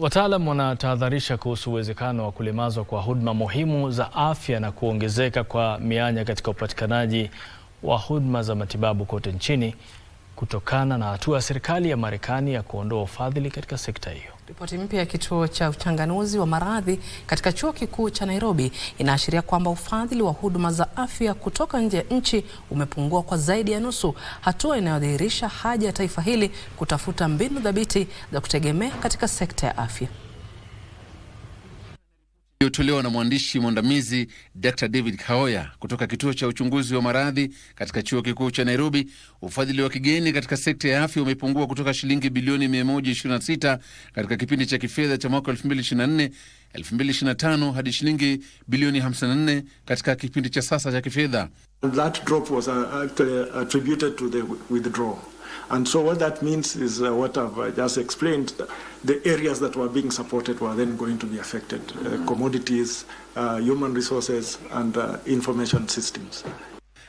Wataalam wanatahadharisha kuhusu uwezekano wa kulemazwa kwa huduma muhimu za afya na kuongezeka kwa mianya katika upatikanaji wa huduma za matibabu kote nchini kutokana na hatua ya serikali ya Marekani ya kuondoa ufadhili katika sekta hiyo. Ripoti mpya ya kituo cha uchanganuzi wa maradhi katika chuo kikuu cha Nairobi inaashiria kwamba ufadhili wa huduma za afya kutoka nje ya nchi umepungua kwa zaidi ya nusu, hatua inayodhihirisha haja ya taifa hili kutafuta mbinu dhabiti za kutegemea katika sekta ya afya iliyotolewa na mwandishi mwandamizi Dr David Kaoya kutoka kituo cha uchunguzi wa maradhi katika chuo kikuu cha Nairobi, ufadhili wa kigeni katika sekta ya afya umepungua kutoka shilingi bilioni 126 katika kipindi cha kifedha cha mwaka 2024 2025 hadi shilingi bilioni 54 katika kipindi cha sasa cha kifedha. Uh, And so what that means is uh, what I've uh, just explained. The areas that were being supported were then going to be affected. Uh, mm-hmm. commodities, uh, human resources and uh, information systems.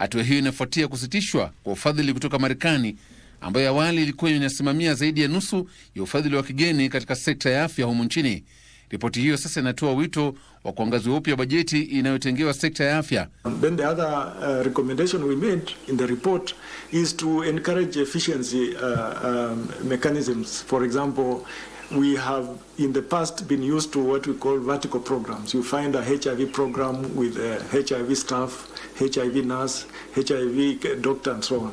Hatua hiyo inafuatia kusitishwa kwa ufadhili kutoka Marekani ambayo awali ilikuwa inasimamia zaidi ya nusu ya ufadhili wa kigeni katika sekta ya afya humu nchini. Ripoti hiyo sasa inatoa wito wa kuangaziwa upya bajeti inayotengewa sekta ya afya. Uh, um, we have in the past been used to what we call vertical programs. You find a HIV program with a HIV staff, HIV nurse, HIV doctor and so on.